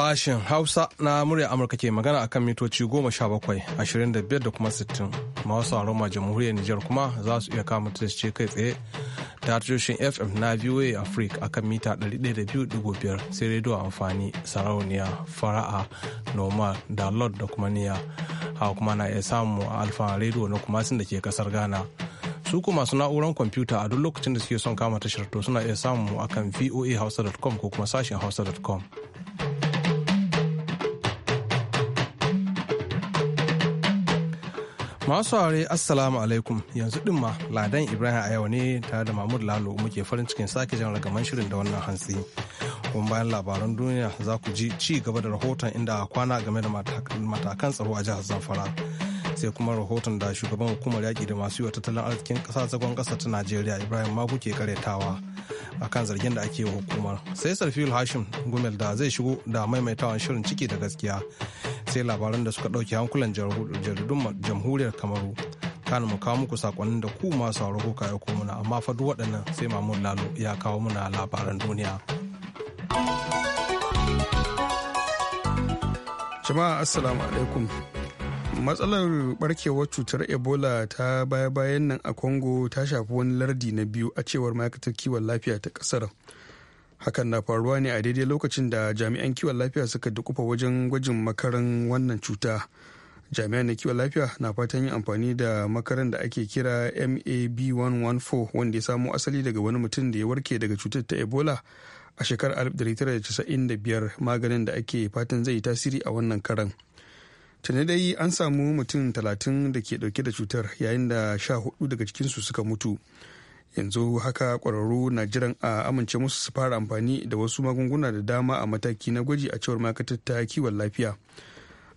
Sashen Hausa na murya Amurka ke magana akan mitoci goma sha bakwai, ashirin da biyar da kuma sittin. Masu aroma jamhuriyar Nijar kuma za su iya kama ce kai tsaye ta tushen FM na VOA Africa akan mita 102.5 sai rediyo amfani sarauniya fara'a noma da lord da kuma niya. Hawa kuma na iya samu a alfa rediyo na kuma kumasin da ke kasar Ghana. su kuma masu na'uran kwamfuta a duk lokacin da suke son kama tashar to suna iya samun samu akan voahausa.com ko kuma sashen hausa.com Masu saurare Assalamu alaikum yanzu ɗin ma Ladan Ibrahim a yau ne tare da Mahmud Lalo muke farin cikin sake jan ragaman shirin da wannan hantsi. Kuma bayan labaran duniya za ku ji ci gaba da rahoton inda kwana game da matakan tsaro a jihar Zamfara. sai kuma rahoton da shugaban hukumar yaƙi da masu yiwa tattalin arzikin ƙasa zagon ƙasa ta najeriya ibrahim magu ke karetawa a kan zargin da ake wa hukumar sai sarfil hashim gumel da zai shigo da maimaitawan shirin ciki da gaskiya sai labaran da suka ɗauki hankulan jaridun jamhuriyar kamaru kan mu kawo muku sakonnin da ku masu sauraro kuka ko muna amma fa duk waɗannan sai mamun lalo ya kawo muna labaran duniya jama'a assalamu alaikum matsalar barkewar cutar ebola ta baya-bayan nan a congo ta shafi wani lardi na biyu a cewar ma'aikatar kiwon lafiya ta kasar hakan na faruwa ne a daidai lokacin da jami'an kiwon lafiya suka dukufa wajen gwajin makaran wannan cuta jami'an na kiwon lafiya na fatan yin amfani da makaran da ake kira mab114 wanda ya samo asali daga wani mutum da ya warke daga cutar ta ebola a shekarar 1995 maganin da ake fatan zai yi tasiri a wannan karan. tuni dai an samu mutum talatin da ke dauke da cutar yayin da sha hudu daga cikinsu suka mutu yanzu haka kwararru na jiran a amince musu su fara amfani da wasu magunguna da dama a mataki na gwaji a cewar ma'aikatar ta kiwon lafiya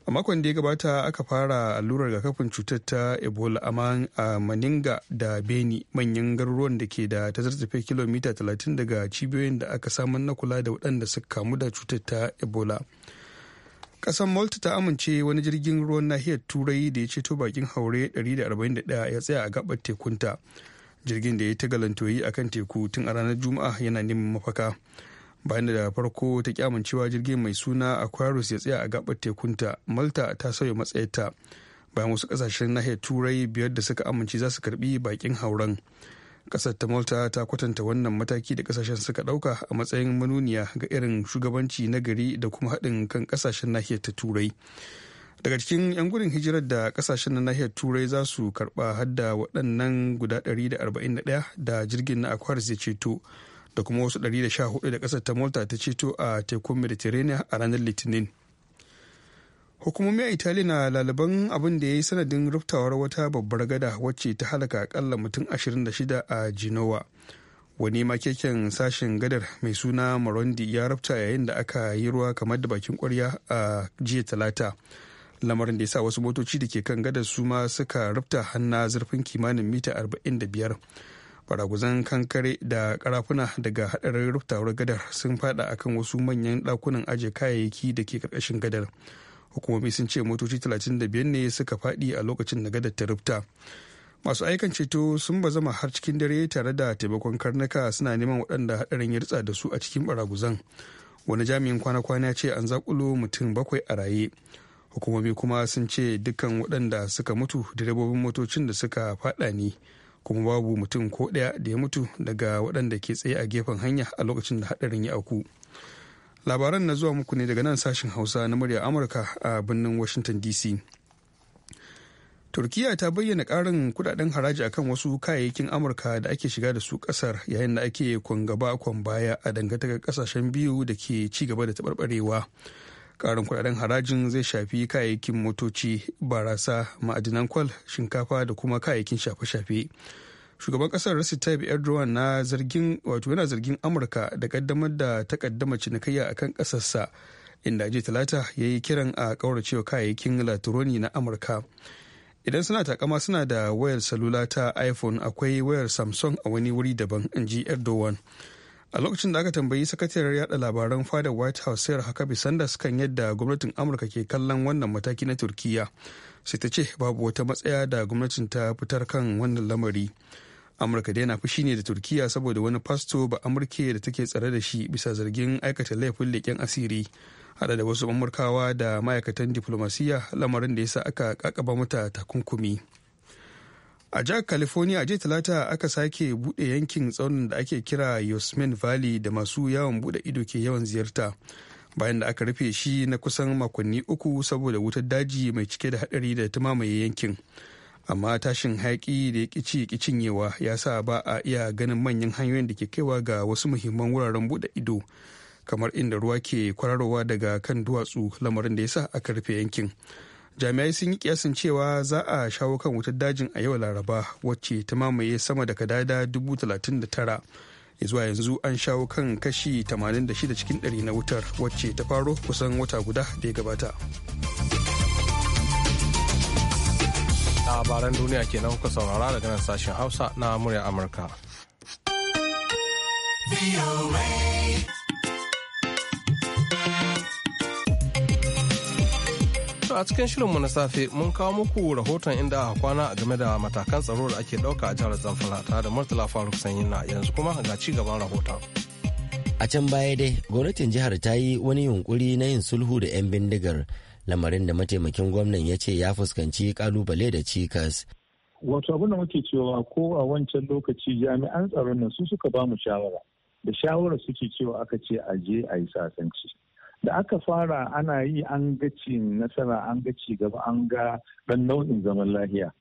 a makon da ya gabata aka fara allurar rigakafin cutar ta ebola a maninga da beni manyan garuruwan da ke da tazarzafe kilomita 30 daga cibiyoyin da aka samar na kula da waɗanda suka kamu da cutar ta ebola kasan malta ta amince wani jirgin ruwan nahiyar turai da ya ceto bakin haure 141 ya tsaya a gabar tekunta jirgin da ya yi ta galantoyi a kan teku tun a ranar juma'a yana neman mafaka bayan da farko ta kyamancewa jirgin mai suna aquarius ya tsaya a gabar tekunta malta ta sauya matsayarta bayan wasu kasashen nahiyar turai biyar da suka amince za su karbi bakin hauren kasar ta malta ta kwatanta wannan mataki da kasashen suka dauka a matsayin manuniya ga irin shugabanci na gari da kuma haɗin kan kasashen nahiyar ta turai daga cikin 'yan gudun hijirar da kasashen na nahiyar turai za su karba hadda waɗannan guda 141 da jirgin na aquarius ya ceto da kuma wasu 114 da kasar ta malta ta ceto a tekun mediterranean a ranar litinin hukumomin a italiya na lalaban abin da ya yi sanadin ruftawar wata babbar gada wacce ta halaka akalla mutum 26 a genoa wani makeken sashen gadar mai suna marondi ya rafta yayin da aka yi ruwa kamar da bakin kwarya a jiya talata lamarin da ya sa wasu motoci da ke kan gadar su ma suka rafta hanna zurfin kimanin mita 45 baraguzan kankare da karafuna daga hadarin ruftawar gadar sun fada akan wasu manyan dakunan ajiye kayayyaki da ke karkashin gadar. gadar hukumomi sun ce motoci 35 ne suka faɗi a lokacin da gadar ta rufta masu aikan ceto sun ba zama har cikin dare tare da taimakon karnuka suna neman waɗanda haɗarin ya ritsa da su a cikin baraguzan wani jami'in kwana-kwana ce an zakulo mutum bakwai a raye hukumomi kuma sun ce dukkan waɗanda suka mutu direbobin motocin da suka faɗa ne kuma babu mutum ko ɗaya da ya mutu daga waɗanda ke tsaye a gefen hanya a lokacin da haɗarin ya auku. labaran na zuwa muku ne daga nan sashen hausa na murya amurka a birnin washington dc turkiya ta bayyana karin kudaden haraji akan wasu kayayyakin amurka da ake shiga da su kasar yayin da ake kwangaba kwan baya a dangantakar kasashen biyu da ke ci gaba da taɓarɓarewa karin kudaden harajin zai shafi kayayyakin motoci barasa ma'adinan kwal shinkafa da kuma kayayyakin shafe-shafe shugaban kasar rasu tayyip erdogan na zargin wato yana zargin amurka da kaddamar da ta takaddama cinikayya akan kasarsa inda jiya talata ya yi kiran a kauracewa kayayyakin latironi na amurka idan suna takama suna da wayar salula ta iphone akwai wayar samsung a wani wuri daban in ji erdogan a lokacin da aka tambayi sakatariyar yada labaran fada white house sayar hakabi sanders kan yadda gwamnatin amurka ke kallon wannan mataki na turkiya sai ta ce babu wata matsaya da gwamnatin ta fitar kan wannan lamari amurka dai na fushi ne da turkiya saboda wani fasto ba amurke da take tsare da shi bisa zargin aikata laifin leƙen asiri haɗa da wasu amurkawa da ma'aikatan diflomasiyya lamarin da ya sa aka kakaba mata takunkumi a jihar california a jiya talata aka sake buɗe yankin tsaunin da ake kira yosemite valley da masu yawon buɗe ido ke yawan ziyarta bayan da aka rufe shi na kusan makonni uku saboda wutar daji mai cike da hadari da ta mamaye yankin amma tashin haƙi da ya ƙici cinyewa ya sa ba a iya ganin manyan hanyoyin da ke kaiwa ga wasu muhimman wuraren buɗe ido kamar inda ruwa ke kwararowa daga kan duwatsu lamarin da ya sa aka rufe yankin jami'ai sun yi kiyasin cewa za a shawo kan wutar dajin a yau laraba wacce ta mamaye sama da kadada 39 zuwa yanzu an shawo kan kashi 86 cikin 100 na wutar wacce ta faro kusan wata guda da ya gabata labaran duniya kenan kuka saurara daga nan sashen hausa na murya amurka To a cikin shirinmu na safe mun kawo muku rahoton inda aka kwana game da matakan tsaro da ake ɗauka a jihar Zamfara tare da Murtala Faruk Sanyina yanzu kuma ga ci gaban rahoton. A can baya dai gwamnatin jihar ta yi wani yunkuri na yin sulhu da 'yan bindigar lamarin da mataimakin gwamnan ya ce ya fuskanci kalubale da cikas. Wato abin da muke cewa ko a wancan lokaci jami'an tsaron nan su suka bamu shawara da shawara suke cewa aka ce a je a yi sasanci. da aka fara ana yi an gaci nasara an gaci gaba an ga dan nau'in zaman lahiya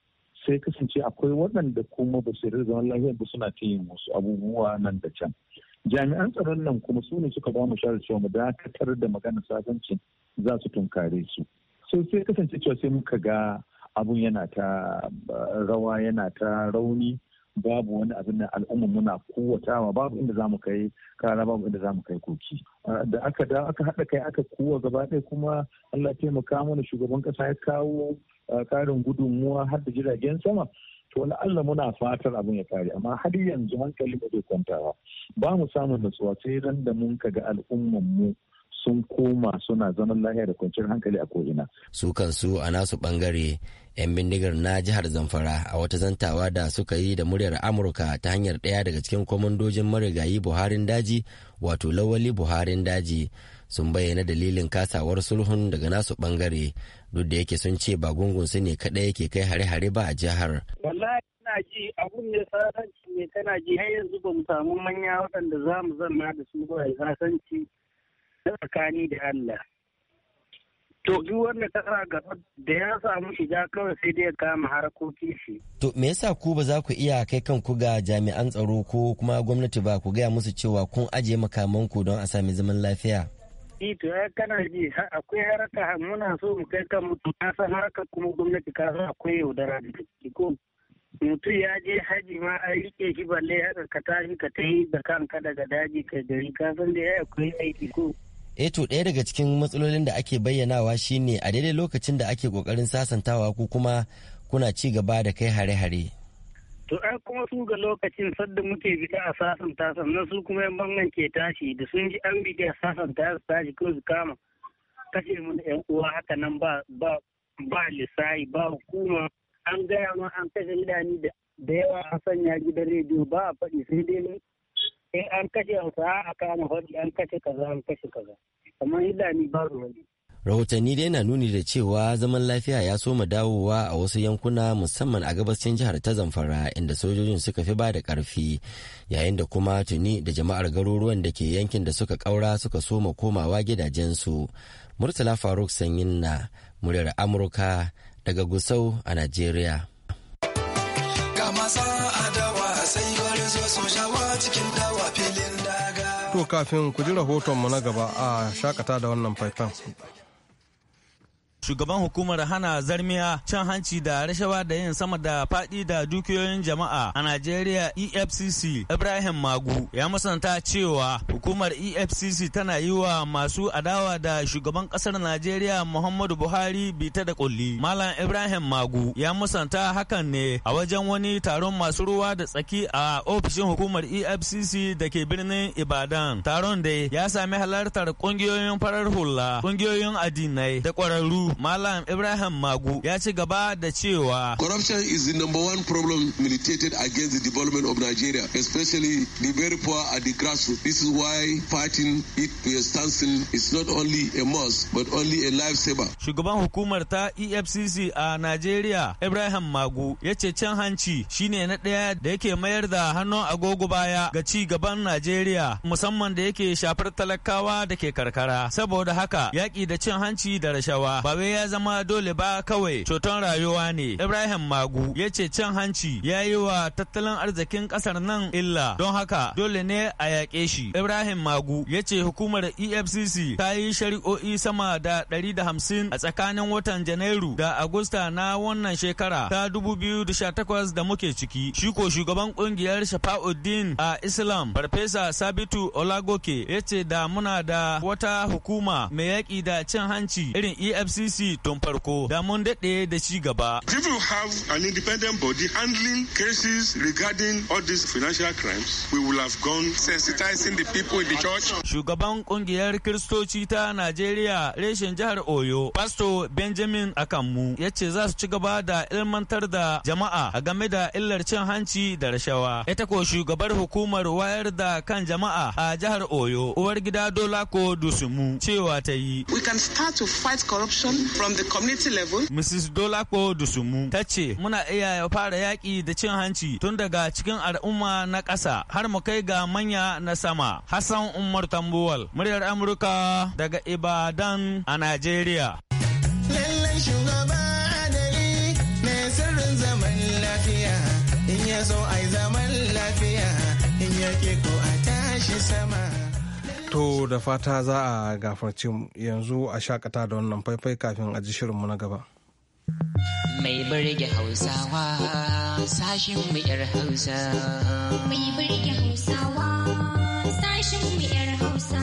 sai kasance akwai waɗanda kuma ba su zaman lahiya ba suna ta yin wasu abubuwa nan da can jami'an tsaron nan kuma su ne suka ba mu shawarar cewa mu dakatar da magana sasanci za su tunkare su so sai kasance cewa sai muka ga abun yana ta rawa yana ta rauni babu wani abin da al'umma muna kowatawa babu inda za kai kara babu inda za mu kai koki ah, da aka da aka haɗa kai aka kowa gaba ɗaya kuma Allah taimaka mana shugaban ƙasa ya kawo karin ah, gudunmuwa har da jiragen sama to wani Allah muna fatar abin ya kare amma har yanzu hankali ba zai kwantawa ba mu samun nutsuwa sai ran da mun kaga al'umman mu sun koma suna zaman lahiya da kwanciyar hankali a ko'ina. su kansu a nasu bangare 'yan bindigar na jihar zamfara a wata zantawa da suka yi da muryar amurka ta hanyar ɗaya daga cikin kwamandojin marigayi buharin daji wato lawali buharin daji sun bayyana dalilin kasawar sulhun daga nasu bangare duk da yake sun ce ba gungun su ne kaɗai yake kai hare-hare ba a jihar. wallahi ina ji abun da sasanci ne kana ji har yanzu ba mu samu manya waɗanda za mu zama da su ba sasanci tsakani da Allah. To duk wanda tara gaba da ya samu shiga kawai sai dai ya kama harkoki shi. To me yasa ku ba za ku iya kai kanku ga jami'an tsaro ko kuma gwamnati ba ku gaya musu cewa kun ajiye makamanku don a sami zaman lafiya? Eh to ya kana ji akwai haraka muna so mu kai kan mutum ta san haraka kuma gwamnati ka san akwai yaudara da ko mutum ya je haji ma a rike shi balle haka ka tashi ka ta yi da kanka daga daji ka gari ka san da ya akwai aiki ko. Eh to ɗaya daga cikin matsalolin da ake bayyanawa shine a daidai lokacin da ake ƙoƙarin sasantawa ko kuma kuna ci gaba da kai hare-hare. To ai kuma su ga lokacin sadda muke fita a sasanta sannan su kuma yan bangan ke tashi da sun ji an bida sasanta su tashi ko su kama kashe mu da yan uwa haka nan ba ba ba lisai ba hukuma an gaya ma an kashe idani da yawa an sanya gidan rediyo ba a faɗi sai dai sai an kashe hausa a kama hori an kashe kaza an kashe kaza kamar ni babu wani rahotanni dai na nuni da cewa zaman lafiya ya soma dawowa a wasu yankuna musamman a gabashin jihar ta zamfara inda sojojin suka fi ba da karfi yayin da kuma tuni da jama'ar garuruwan da ke yankin da suka kaura suka soma komawa gidajensu murtala faruk sanyin na muryar amurka daga gusau a najeriya cikin dawa To kafin ku ji rahoton mu na gaba a shakata da wannan faifan. shugaban hukumar hana zarmiya cin hanci da rashawa da yin sama da faɗi da dukiyoyin jama'a a najeriya efcc ibrahim magu ya musanta cewa hukumar efcc tana yi wa masu adawa da shugaban ƙasar najeriya muhammadu buhari bita da kulli malam ibrahim magu ya musanta hakan ne a wajen wani taron masu ruwa da tsaki a ofishin hukumar efcc da ke birnin ibadan taron da ya sami halartar ƙungiyoyin farar hula ƙungiyoyin addinai da kwararru. Malam Ibrahim Magu ya ci gaba da cewa. Corruption is the number one problem militated against the development of Nigeria, especially the very poor at the grassroots. This is why fighting it to a standstill is not only a must, but only a lifesaver. Shugaban hukumar ta EFCC a Nigeria, Ibrahim Magu, ya ce cin hanci shine na ɗaya da yake mayar da hannun agogo baya ga ci gaban Nigeria, musamman da yake shafar talakawa da ke karkara. Saboda haka, yaƙi da cin hanci da rashawa ba wai ya zama dole ba kawai coton rayuwa ne ibrahim magu ya ce cin hanci ya yi wa tattalin arzikin kasar nan illa don haka dole ne a yaƙe shi ibrahim magu ya ce hukumar efcc ta yi shari'o'i sama da da hamsin a tsakanin watan janairu da agusta na wannan shekara ta 2018 da muke ciki shi ko shugaban kungiyar shafa'uddin a islam farfesa sabitu olagoke ya ce da muna da wata hukuma mai yaƙi da cin hanci irin efcc APC tun farko da mun daɗe da ci gaba. If you have an independent body handling cases regarding all these financial crimes, we will have gone sensitizing the people in the church. Shugaban kungiyar Kiristoci ta Najeriya reshen jihar Oyo, Pasto Benjamin akamu ya ce za su ci gaba da ilmantar da jama'a a game da illar cin hanci da rashawa. Ita ko shugabar hukumar wayar da kan jama'a a jihar Oyo, uwar gida ko Dusumu cewa ta yi. We can start to fight corruption from the community level. Mrs. Dolapo Dusumu ta ce muna iya fara yaƙi da cin hanci tun daga cikin al'umma na ƙasa har mu kai ga manya na sama. Hassan Umar Tambuwal, muryar Amurka daga Ibadan a Najeriya. Lallai shugaba To da fata za a gafarci yanzu a shakata da wannan faifai kafin a ji shirinmu na gaba. Mai birge Hausawa sashin mu yar Hausa. Mai birge Hausawa sashin mu yar Hausa.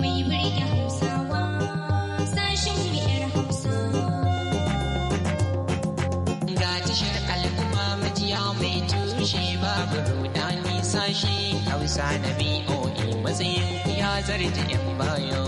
Mai birge Hausawa sashin mu yar Hausa. Ga tashar al'umma majiya mai tushe babu rudani. sashi hausa na boe matsayin ya zarje 'yan bayo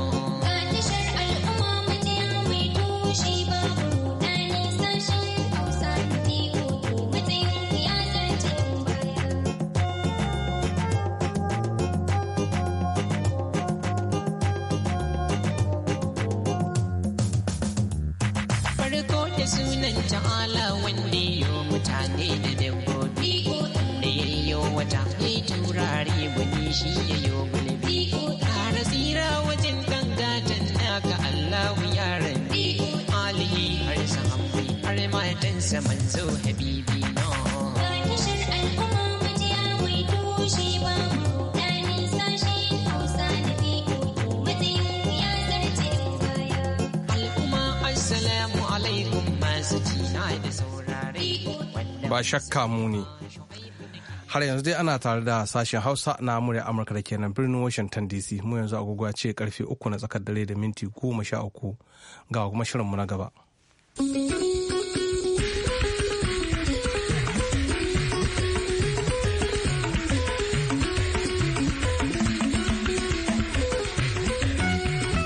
Ba shakka mu ne. Har yanzu dai ana tare da sashen Hausa na murya Amurka da kenan birnin Washington DC mu yanzu agogo ce karfe uku na tsakar dare da minti goma sha uku ga kuma shirinmu na gaba.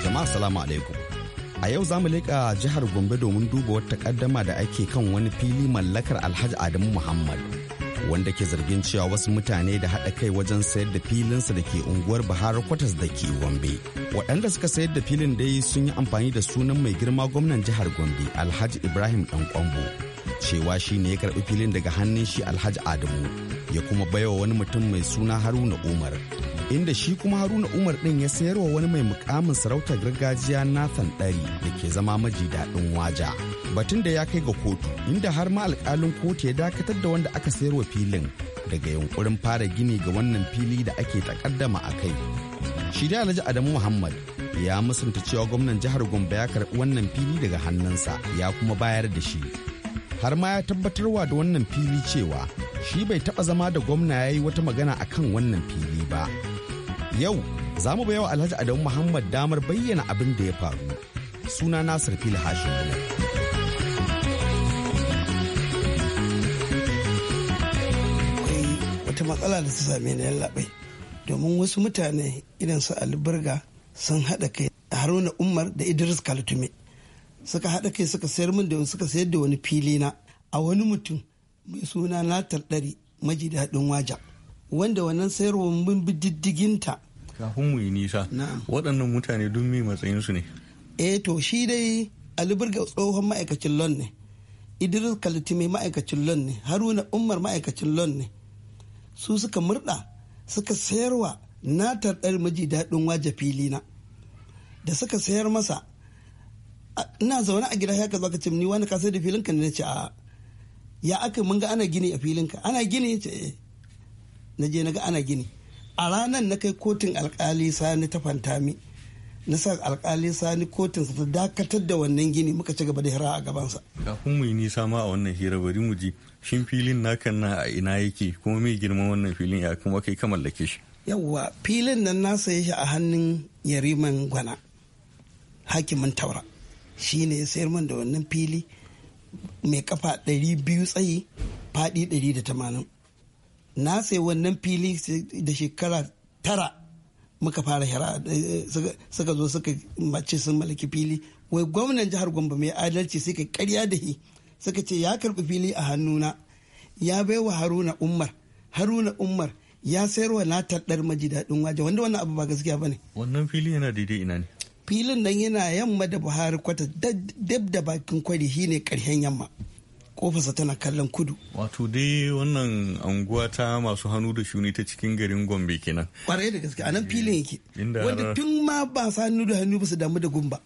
Jama'a salamu alaikum. A yau za mu leƙa jihar Gombe domin duba wata ƙaddama da ake kan wani fili mallakar Alhaji Adamu Muhammad. Wanda ke zargin cewa wasu mutane da haɗa kai wajen sayar da filinsa da ke unguwar Bahar Kwatas da ke Gombe. Waɗanda suka sayar da filin dai sun yi amfani da sunan mai girma gwamnan jihar Gombe Alhaji Ibrahim Ɗanƙwambo. Cewa shi ne ya karɓi filin daga hannun shi Alhaji Adamu ya kuma baiwa wani mutum mai suna Haruna Umar inda shi kuma haruna umar din ya sayarwa wani mai mukamin sarautar gargajiya nathan ɗari da ke zama maji daɗin waja batun da ya kai ga kotu inda har ma alƙalin kotu ya dakatar da wanda aka sayarwa filin daga yunkurin fara gini ga wannan fili da ake takaddama a kai shi da alhaji adamu muhammad ya musanta cewa gwamnan jihar gombe ya karɓi wannan fili daga hannunsa ya kuma bayar da shi har ma ya tabbatarwa da wannan fili cewa shi bai taɓa zama da gwamna ya yi wata magana akan wannan fili ba Yau za mu bayawa Alhaji Adamu Muhammad damar bayyana abin da ya faru. Suna Nasir Fil Hashim. wata matsala da ta same na yallaɓai domin wasu mutane idan su alburga sun haɗa kai haruna umar da idris kaltume suka haɗa kai suka sayar min da suka sayar da wani fili na a wani mutum mai suna natar ɗari maji daɗin waja wanda wannan sayarwa mun bi diddiginta kafin mu yi nisa waɗannan mutane duk mi matsayinsu ne eh to shi dai alburga tsohon ma'aikacin lon ne idris kaltime ma'aikacin lon ne haruna umar ma'aikacin lon ne su suka murda suka sayarwa na tarɗar maji daɗin waje filina da suka sayar masa ina zaune a gida haka zaka ce ni wani ka sai da filinka ne ce a ya aka mun ga ana gini a filinka ana gini ce eh. na je naga ana gini a ranar na kai kotun alkali sani ta fantami na sa alkali sani kotun ta dakatar da wannan gini muka ci gaba da hira a gabansa kafin mu yi nisa ma a wannan hira bari mu ji shin filin nakan na a ina yake kuma mai girman wannan filin ya kuma kai ka mallake shi yawwa filin nan na saye shi a hannun yariman gwana hakimin taura shi ne ya sayar man da wannan fili mai kafa 200 tsayi faɗi 180 na sai wannan fili da shekara tara muka fara shari'a eh, suka zo suka mace sun mallaki fili wai gwamnan jihar gombe mai adalci suka karya da shi suka ce ya karbi fili a hannuna ya baiwa haruna umar haruna umar ya sayarwa na dar maji daɗin waje wanda wannan abu ba gaskiya ba ne wannan fili yana daidai ina ne filin nan yana yamma da buhari kwata dab da bakin kwari shine karshen yamma kofarsa tana kallon kudu. Wato dai wannan anguwa ta masu hannu da shuni ta cikin garin Gombe kenan. Kwarai da gaske a nan filin yake. Wanda tun ma ba sa hannu da hannu ba su damu da gumba.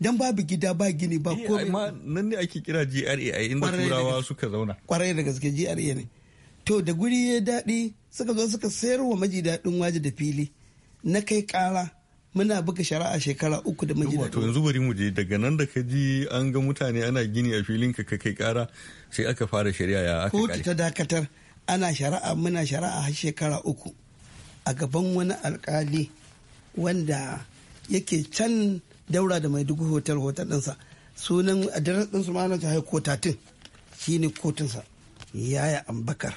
Dan babu gida ba gini ba eh, ko ma nan ne ake kira GRA a inda turawa suka zauna. Kwarai da gaske GRA ne. To da guri ya daɗi suka zo suka sayar wa maji daɗin waje da fili na kai ƙara muna buga shari'a shekara uku da majina wato yanzu bari mu je daga nan da ka ji an ga mutane ana gini a filin ka kai kara sai aka fara shari'a ya aka kare ta dakatar ana shari'a muna shari'a har shekara uku a gaban wani alkali wanda yake can daura da mai dugu hotel hotel ɗinsa sunan adiras su ma ta haiko tatin shine kotunsa yaya ambakar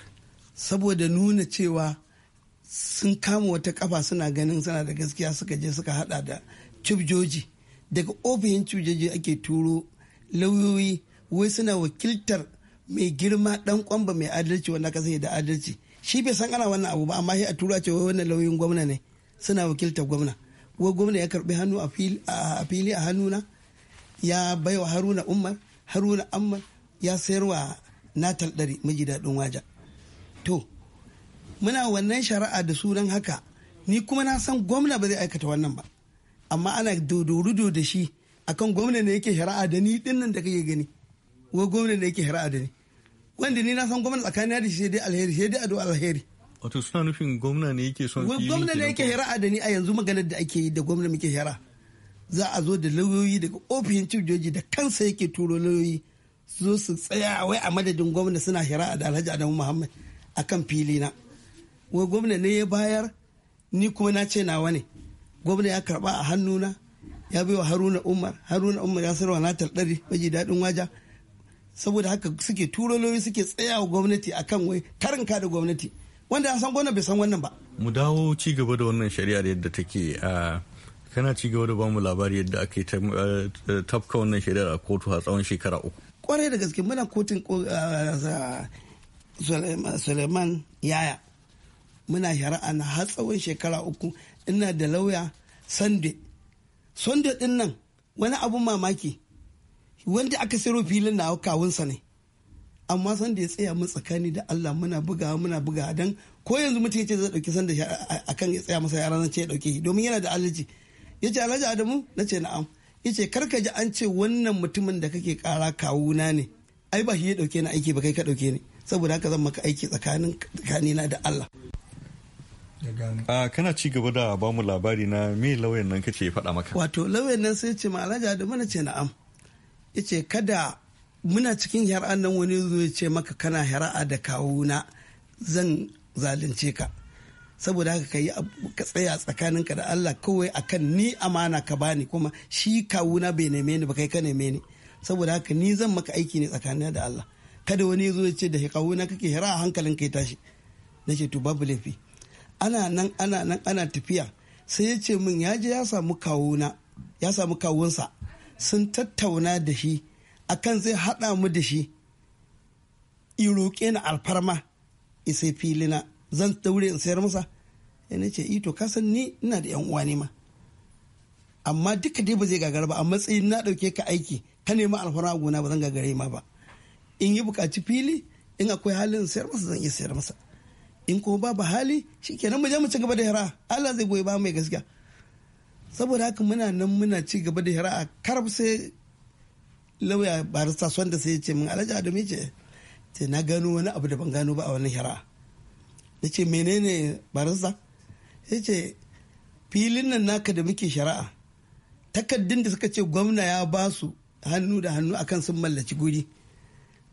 saboda nuna cewa sun kama wata kafa suna ganin suna da gaskiya suka je suka hada da cibjoji daga ofishin cibjoji ake turo lauyoyi wai suna wakiltar mai girma dan kwamba mai adalci wanda ka sai da adalci shi bai san ana wannan abu ba amma shi a a ce wai wannan lauyoyin gwamna ne suna wakiltar gwamna wai gwamna ya karbi hannu a fili a hannuna ya baiwa haruna umar haruna amma ya sayarwa natal ɗari miji daɗin waja to muna wannan shari'a da sunan haka ni kuma na san gwamna ba zai aikata wannan ba amma ana dodorudo da shi akan gwamna ne yake shari'a da ni din nan da kake gani wa gwamna ne yake shari'a da ni wanda ni na san gwamna tsakanin da shi sai dai alheri sai dai addu'a alheri wato suna nufin gwamna ne yake son fili gwamna ne yake shari'a da ni a yanzu maganar da ake yi da gwamna muke shari'a za a zo da lauyoyi daga ofishin chief joji da kansa yake turo lauyoyi su zo su tsaya wai a madadin gwamna suna shari'a da alhaji adamu muhammad akan fili na wai gwamna ne ya bayar ni kuma na ce nawa ne gwamna ya karba a hannuna ya bai wa haruna umar haruna umar ya sarwa na taldari maji daɗin waja saboda haka suke turoloyi suke tsayawa gwamnati akan wai karinka da gwamnati wanda ya san gwamna bai san wannan ba mu dawo ci gaba da wannan shari'a da yadda take a kana ci gaba da bamu labari yadda ake eh, tafka wannan shari'ar a kotu a tsawon shekara uku kwarai da gaske muna kotun eh, suleiman yaya muna shari'a na har tsawon shekara uku ina da lauya sande sande din nan wani abun mamaki wanda aka siro filin na kawunsa ne amma sanda ya tsaya mu tsakani da Allah muna bugawa muna bugawa dan ko yanzu mutum ya ce zai dauki sanda akan ya tsaya masa yaran ce ya dauke domin yana da alaji ya ce alhaji adamu na ce na'am ya ce karka ji an ce wannan mutumin da kake kara kawuna ne ai ba shi ya dauke ni aiki ba kai ka dauke ni saboda haka zan maka aiki tsakanin tsakanina da Allah a kana ci gaba da ba mu labari na me lauyan nan kace faɗa maka wato lauyan nan sai ce ma alhaji da mana ce na'am yace kada muna cikin yar'an nan wani zo ya ce maka kana a da kawuna zan zalunce ka saboda haka ka yi ka tsaya tsakanin ka da Allah kawai akan ni amana ka bani kuma shi kawuna bai neme ni ba kai ka neme ni saboda haka ni zan maka aiki ne tsakanin da Allah kada wani zo ya ce da kawuna kake hira a hankalin kai tashi nake to babu laifi ana nan ana nan ana tafiya sai ya ce min ya je ya samu kawuna ya samu kawunsa sun tattauna da shi akan zai haɗa mu da shi i roƙe na alfarma isai filina zan daure in sayar masa ya ce ito kasan ni ina da yan uwa ne ma amma duka dai ba zai gagara ba a matsayin na ɗauke ka aiki ka nema alfarma a gona ba zan gagare ma ba in yi buƙaci fili in akwai halin sayar masa zan iya sayar masa in kuma babu hali shikenan mu je mu ci gaba da hira Allah zai goyi ba mai gaskiya saboda haka muna nan muna ci gaba da hira a karab sai lauya barista da sai ya ce min alhaji adamu ya ce ce na gano wani abu da ban gano ba a wani hira ya ce menene barista ya ce filin nan naka da muke shari'a takaddun da suka ce gwamna ya ba su hannu da hannu akan sun mallaci guri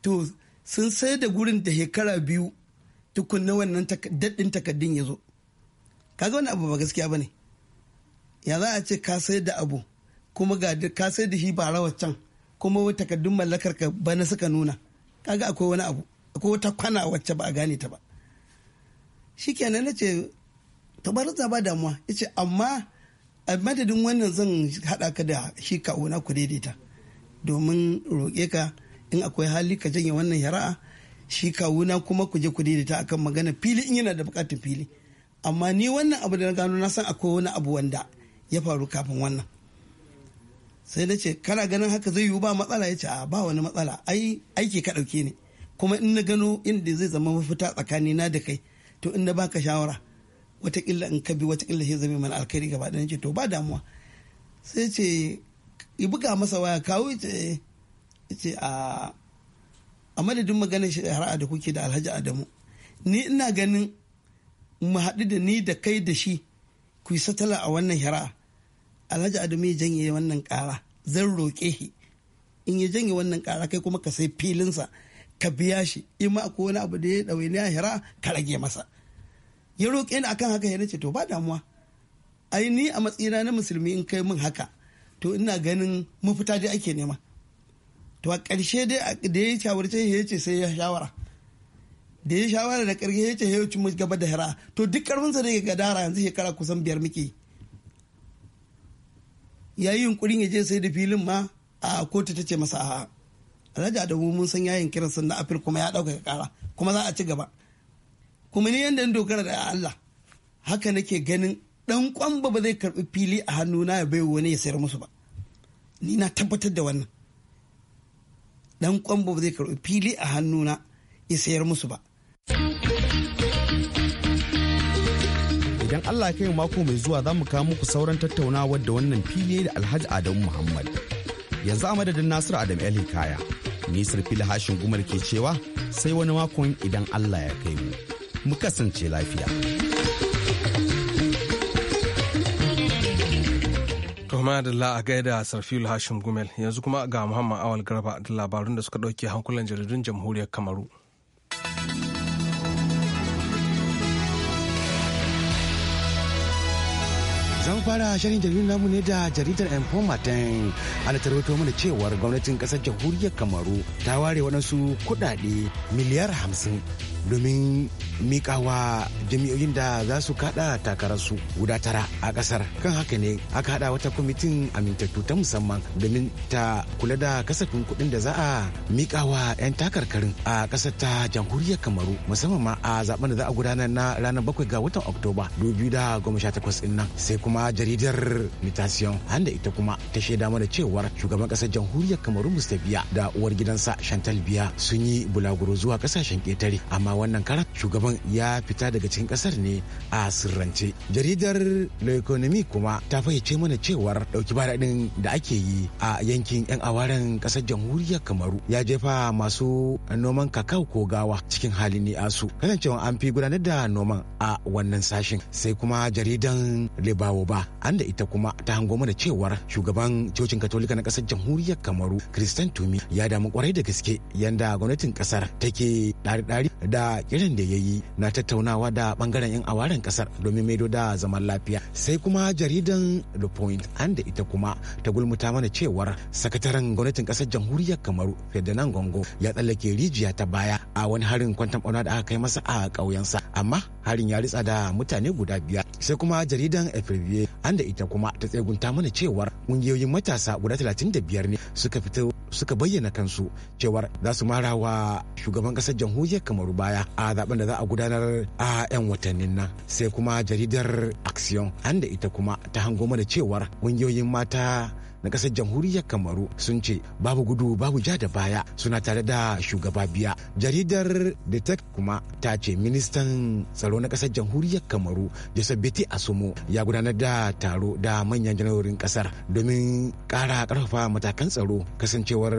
to sun sai da gurin da shekara biyu tukunna wannan daɗin takaddun ya zo kaga wani abu ba gaskiya ba ne ya za a ce ka sai da abu kuma ga ka sai da shi ba rawar can kuma takaddun mallakar ka bana suka nuna kaga akwai wani abu akwai wata kwana wacce ba a gane ta ba Shi shikenan na ce tabarata ba damuwa ya ce amma a madadin wannan zan haɗa ka da shi kawuna ku daidaita domin roƙe ka in akwai hali ka janye wannan yara'a shi kawuna kuma ku je ku daidaita akan magana fili in yana da bukatar fili amma ni wannan abu da na gano na san akwai wani abu wanda ya faru kafin wannan sai na ce kana ganin haka zai yiwu ba matsala ya ce a ba wani matsala ai aiki ka ɗauke ne kuma in na gano inda zai zama mafita tsakani na da kai to in na baka shawara watakila in ka bi watakila sai zame mana alkhairi gaba ɗaya ce to ba damuwa sai ce yi buga masa waya kawo ce ce a a madadin maganar shari'a da kuke da alhaji adamu ni ina ganin mu haɗu da ni da kai da shi ku yi satala a wannan shari'a alhaji adamu ya janye wannan ƙara zan roƙe shi in ya janye wannan ƙara kai kuma ka sai filinsa ka biya shi in ma akwai wani abu da ya ɗaure a shari'a ka rage masa ya roƙe ni akan haka ya nace to ba damuwa ai ni a matsayina na musulmi in kai min haka to ina ganin mafita dai ake nema to a ƙarshe dai da ya shawarce ya ce sai ya shawara da ya shawara da ƙarshe ya ce ya ci mu gaba da hira to duk sa da ya gadara yanzu shekara kusan biyar muke ya yi yunkurin ya je sai da filin ma a kotu ta ce masa a raja da mun san yayin kiran sun na afir kuma ya ɗaukaka ƙara kuma za a ci gaba kuma ni yadda dogara da Allah haka nake ganin dan kwamba ba zai karbi fili a hannuna ya bai wani ya sayar musu ba ni na tabbatar da wannan dan kwambo ba zai karɓi fili a hannuna ya sayar musu ba. Idan Allah ya kai mako mai zuwa za mu kawo muku sauran tattaunawa da wannan fili da Alhaji Adamu Muhammad. Yanzu a madadin Nasiru Adam El Hikaya, Nisar fili hashin gumar ke cewa sai wani makon idan Allah ya kai mu. Mu kasance lafiya. Tuhuma da la a gaida Sarfil Hashim Gumel yanzu kuma ga Muhammad Awal Garba da labarun da suka ɗauke hankulan jaridun jamhuriyar Kamaru. zan fara shirin jaridun namu ne da jaridar informatin ana tarwato mana cewar gwamnatin kasar jamhuriyar kamaru ta ware waɗansu kuɗaɗe miliyar hamsin domin mikawa jami'oyin da za su kada takararsu guda tara a kasar kan haka ne aka hada wata kwamitin amintattu ta musamman domin ta kula da kasafin kuɗin da za a mikawa 'yan takarkarin a kasar ta jamhuriyar kamaru musamman ma a zaben da za a gudanar na ranar bakwai ga watan oktoba 2018 din nan sai kuma jaridar mutation handa ita kuma ta shaida mana cewar shugaban kasar jamhuriyar kamaru mustapha da uwar gidansa chantal biya sun yi bulaguro zuwa kasashen ketare amma amma wannan karat shugaban ya fita daga cikin kasar ne a sirrance jaridar l'economy kuma ta fahimce mana cewar dauki baradin da ake yi a yankin yan awaren kasar jamhuriyar kamaru ya jefa masu noman kakao ko gawa cikin hali ne a su kasancewa an fi gudanar da noman a wannan sashen sai kuma jaridan libawo ba an da ita kuma ta hango mana cewar shugaban cocin katolika na kasar jamhuriyar kamaru kristan tumi ya damu kwarai da gaske yanda gwamnatin kasar take dari ɗari da da irin da ya yi na tattaunawa da bangaren 'yan awaren kasar domin maido da zaman lafiya sai kuma jaridan the point an da ita kuma ta gulmuta mana cewar sakataren gwamnatin kasar jamhuriyar kamaru ferdinand gongo ya tsallake rijiya ta baya a wani harin kwantan bauna da aka kai masa a ƙauyensa amma harin ya ritsa da mutane guda biyar sai kuma jaridan efrivier an da ita kuma ta tsegunta mana cewar ƙungiyoyin matasa guda 35 ne suka fito suka bayyana kansu cewar za su mara wa shugaban kasar jamhuriyar kamaru baya baya a zaben da za a gudanar a 'yan watannin nan sai kuma jaridar action an da ita kuma ta hango mana cewar ƙungiyoyin mata na kasar jamhuriyar kamaru sun ce babu gudu babu ja da baya suna tare da shugaba biya jaridar detect kuma ta ce ministan tsaro na kasar jamhuriyar kamaru joseph beti asumo ya gudanar da taro da manyan janarorin kasar domin kara karfafa matakan tsaro kasancewar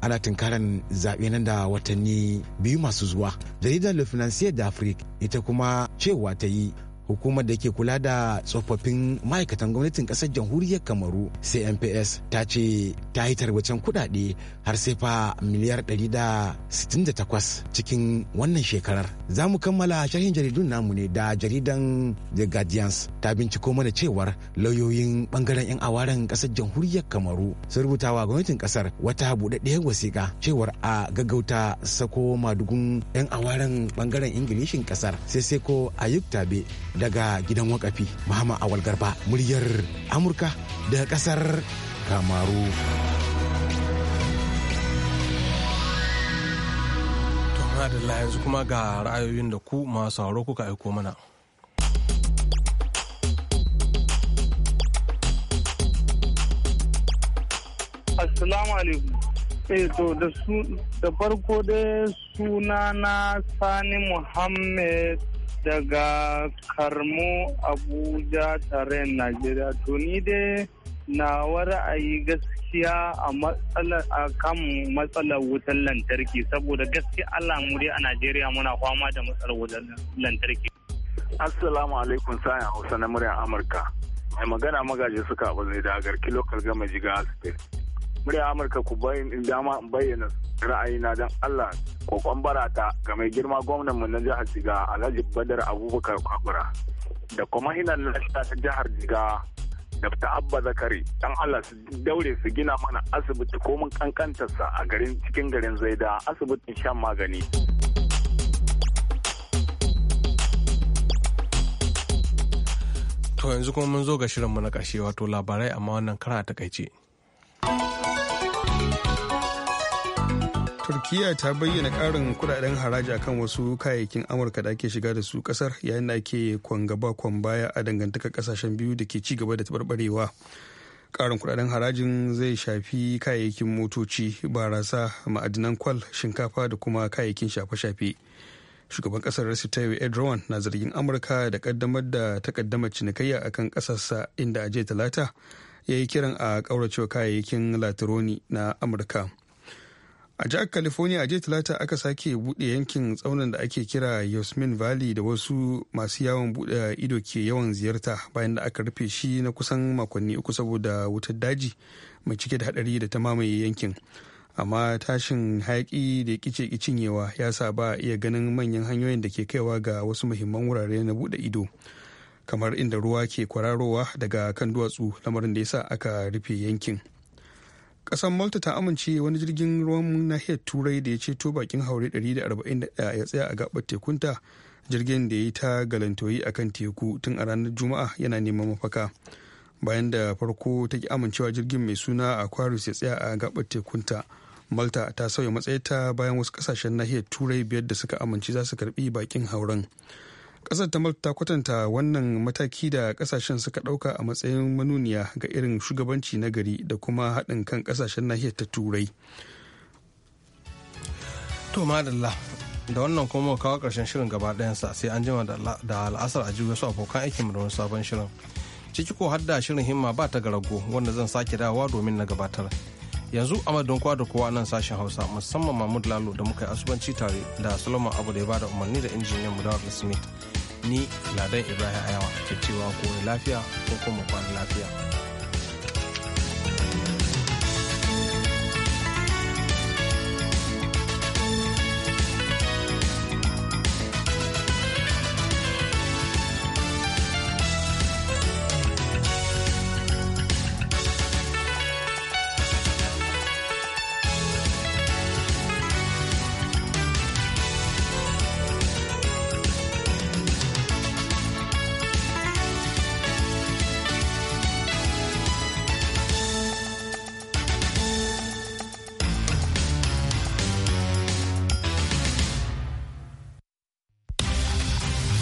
ana tunkaran zaɓe nan da watanni biyu masu zuwa jaridar le financier d'afrique ita kuma cewa ta yi hukumar da ke kula da tsofaffin ma'aikatan gwamnatin kasar jamhuriyar kamaru cmps ta ce ta yi tarwacen kudade har sai fa miliyar 168 cikin wannan shekarar za mu kammala sharhin jaridun namu ne da jaridan the guardians ta binciko mana cewar lauyoyin bangaren 'yan awaren kasar jamhuriyar kamaru sun rubuta wa gwamnatin kasar wata buɗaɗɗiyar wasiƙa cewar a gaggauta sako madugun 'yan awaren bangaren ingilishin kasar sai sai ko ayuk tabe daga gidan wakafi Muhammad Awal Garba muryar Amurka da kasar Kamaru. Adalla yanzu kuma ga ra'ayoyin da ku masu sauro kuka aiko mana. Assalamu alaikum. Eh, da da farko dai suna na Sani Muhammad daga karmo abuja tare najeriya to ni dai na ra'ayi gaskiya a a kan matsalar wutar lantarki saboda gaskiya allah muri a najeriya muna kwama da matsalar wutar lantarki assalamu alaikum sayan hausa na muryar amurka mai magana magaji suka abu da garki lokal gama jiga asibiti. murya amurka ku bayin dama in bayyana ra'ayina don allah kokon barata ga mai girma gwamnan mu na jihar jiga alhaji badar abubakar kwakura da kuma hinan lafiya ta jihar jiga dr abba zakari dan allah su daure su gina mana asibiti ko komin sa a garin cikin garin zaida asibitin shan magani to yanzu kuma mun zo ga shirinmu na kashe wato labarai amma wannan kara takaice. turkiya ta bayyana karin kudaden haraji a kan wasu kayayyakin amurka da ake shiga da su kasar yayin da ake kwangaba kwan baya a dangantaka kasashen biyu da ke ci gaba da tabarbarewa karin kudaden harajin zai shafi kayayyakin motoci barasa ma'adinan kwal shinkafa da kuma kayayyakin shafe-shafe shugaban kasar Recep Tayyip edrowan na zargin Amurka da kaddamar da takaddamar cinikayya akan kasarsa inda a talata ya yi kiran a kauracewa kayayyakin latironi na Amurka. a jihar california a jiya talata aka sake bude yankin tsaunin da ake kira yasmin valley da wasu masu yawon bude ido ke yawan ziyarta bayan da aka rufe shi na kusan makonni uku saboda wutar daji mai cike da hadari da ta mamaye yankin amma tashin hayaki da kice cinyewa ya sa ba a iya ganin manyan hanyoyin da ke kaiwa ga wasu muhimman wurare na bude ido kamar inda ruwa ke kwararowa daga kan duwatsu lamarin da ya sa aka rufe yankin kasar malta ta amince wani jirgin ruwan nahiyar turai da ya ceto bakin haure 141 ya tsaya a gabar tekunta jirgin da ya yi ta galantoyi a kan teku tun a ranar juma'a yana neman mafaka bayan da farko ta ki amincewa jirgin mai suna aquarius ya tsaya a gabar tekunta malta ta sauya matsayinta bayan wasu kasashen nahiyar turai biyar da suka amince za su karbi bakin hauren kasar ta malta kwatanta wannan mataki da kasashen suka dauka a matsayin manuniya ga irin shugabanci na gari da kuma haɗin kan kasashen nahiyar ta turai to da wannan kuma kawo karshen shirin gaba ɗayansa sai an jima da al'asar a ji wasu abokan aikin da wani sabon shirin ciki ko hadda shirin himma ba ta garago wanda zan sake dawowa domin na gabatar yanzu a madadin kowa da kowa nan sashen hausa musamman mahmud lalo da muka yi asubanci tare da salama abu da ya bada umarni da injiniyan mu dawar smith ni ladan ibrahim ayawa ke cewa ko lafiya ko kuma kwana lafiya